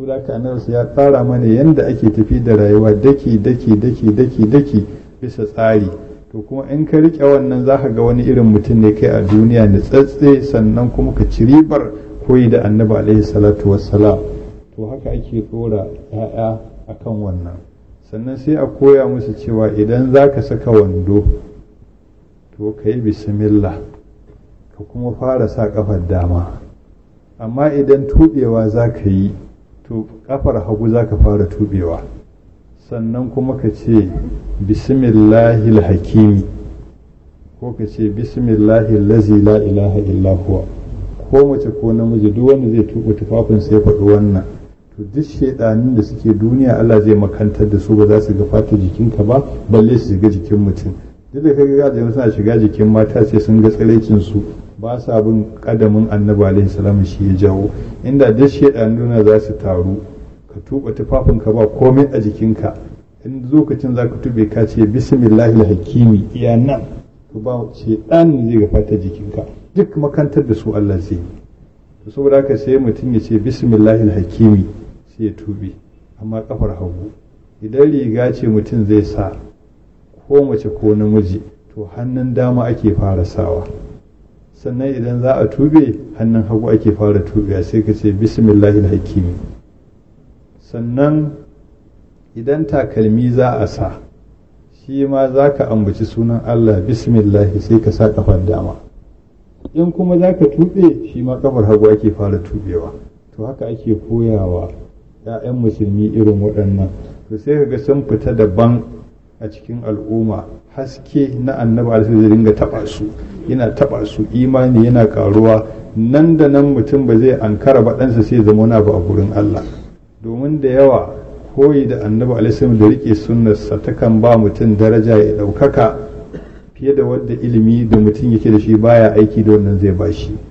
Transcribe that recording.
tura ka ya tsara mana yadda ake tafi da rayuwa daki daki daki daki daki bisa tsari to kuma in ka rike wannan zaka ga wani irin mutum ne kai a duniya da tsatse sannan kuma ka ci ribar koyi da annabi alaihi salatu wassalam to haka ake tsora ya'ya akan wannan sannan sai a koya musu cewa idan zaka saka wando to ka yi bismillah ka kuma fara sa kafar dama amma idan tubewa za ka yi to kafar hagu za ka fara tubewa sannan kuma ka ce bismillahil hakimi ko ka ce bismillahil lazi la ilaha illa ko mace ko namiji duk wanda zai tuba tufafinsa ya faɗi wannan to duk shaidanin da suke duniya Allah zai makantar da su ba za su ga fata jikinka ba balle su shiga jikin mutum duk da kaga gajiyar suna shiga jikin mata sai sun ga tsiraicin su ba sa bin kadamin annabi alaihi shi ya jawo inda da nuna za su taru ka tuba ka ba komai a jikinka in lokacin za ka tube ka ce bismillahil hakimi iya nan to ba ce dan zai ga fata jikinka duk makantar da su Allah zai to saboda haka sai mutum ya ce bismillahi hakimi sai ya tube amma kafar hagu idan riga ce mutum zai sa ko mace ko namiji to hannun dama ake fara sawa sannan idan za a tube hannun hagu ake fara tubewa sai ka ce bismillahil hakimi sannan idan takalmi za a sa shi ma za ka ambaci sunan Allah bismillahi sai ka sa kafar dama in kuma za ka tube shi ma kafar hagu ake fara tubewa to haka ake koyawa 'ya'yan musulmi irin waɗannan to sai ka ga sun fita daban a cikin al'umma haske na annabi alaihi zai dinga taba su yana taba su imani yana karuwa nan da nan mutum ba zai ankara ba ɗansa sai zama na ba a gurin Allah domin da yawa koyi da annabi alaihi da rike sunnarsa takan ba mutum daraja ya ɗaukaka fiye da wadda ilimi da mutum yake da shi baya aiki da wannan zai bashi